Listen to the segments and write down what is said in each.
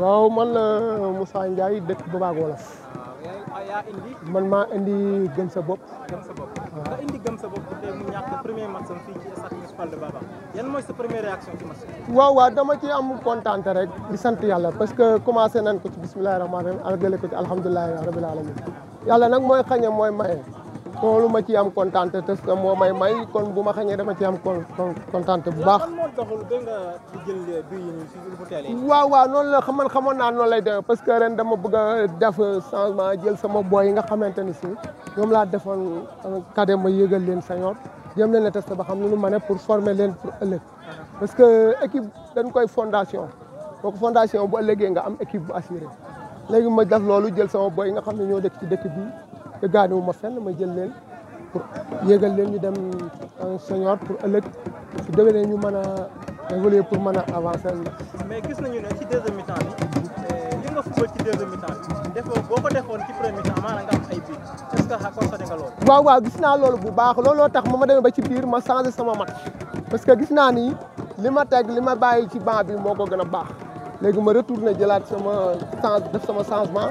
waaw man la euh, Moussa Ndiaye dëkk Baba Wolof. man maa indi gëm sa bopp. gëm sa sa bopp tey mu ñàkk premier match am fii ci waaw waaw dama ci am kontaan rek di sant yàlla parce que commencé nañ ko ci bisimilah rahmaani rahiim àggale ko ci alhamdulilah rabil alamin yàlla nag mooy xañe mooy maye. loolu ma ci am kontaante te que moo may may kon bu ma xañee dama ci am kon kontaante bu baax. waaw waaw noonu la man xamoon naa noonu lay dem parce que ren dama bugg a def changement jël sama boy yi nga xamante ni si ñoom laa defoon kadde ma yëgal leen senior jëm leen a testé ba xam ne nu ma pour former leen pour ëllëg parce que équipe dañ koy fondation boo ko fondation bu ëllëgee nga am équipe bu assuré léegi ma def loolu jël sama boy yi nga xam ne ñoo dëkk ci dëkk bi. te gaañuwu ma fenn ma jël leen pour yéegal leen ñu dem un pour ëllëg su déwénee ñu mën a évoluer pour mën a avancer. mais gis nañu ne ci deuxième mi-temps bi euh, li nga football ci deuxième mi-temps bi defoo boo ko defoon ay biir est-ce que constaté nga gis naa loolu bu baax looloo tax ma ma deme ba ci biir ma changé sama mat parce que gis naa ni li ma teg li ma bàyyi ci banc bi moo ko gën a baax léegi ma retourné jëlaat sama change def sama changement.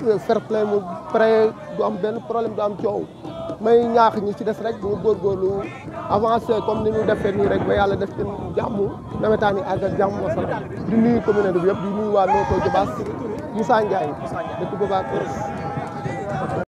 fair play mu pré du am benn problème du am coow may ñaax ñi ci des rek bu ñu góorgóorlu avancé comme ni ñu defee nii rek ba yàlla def ci jàmm nawetaan yi àgg ak jàmm wasalaam di nuyu communauté bi yëpp di nuyu waa Notto Diobass Moussa Ndiaye dëkk Baba Kër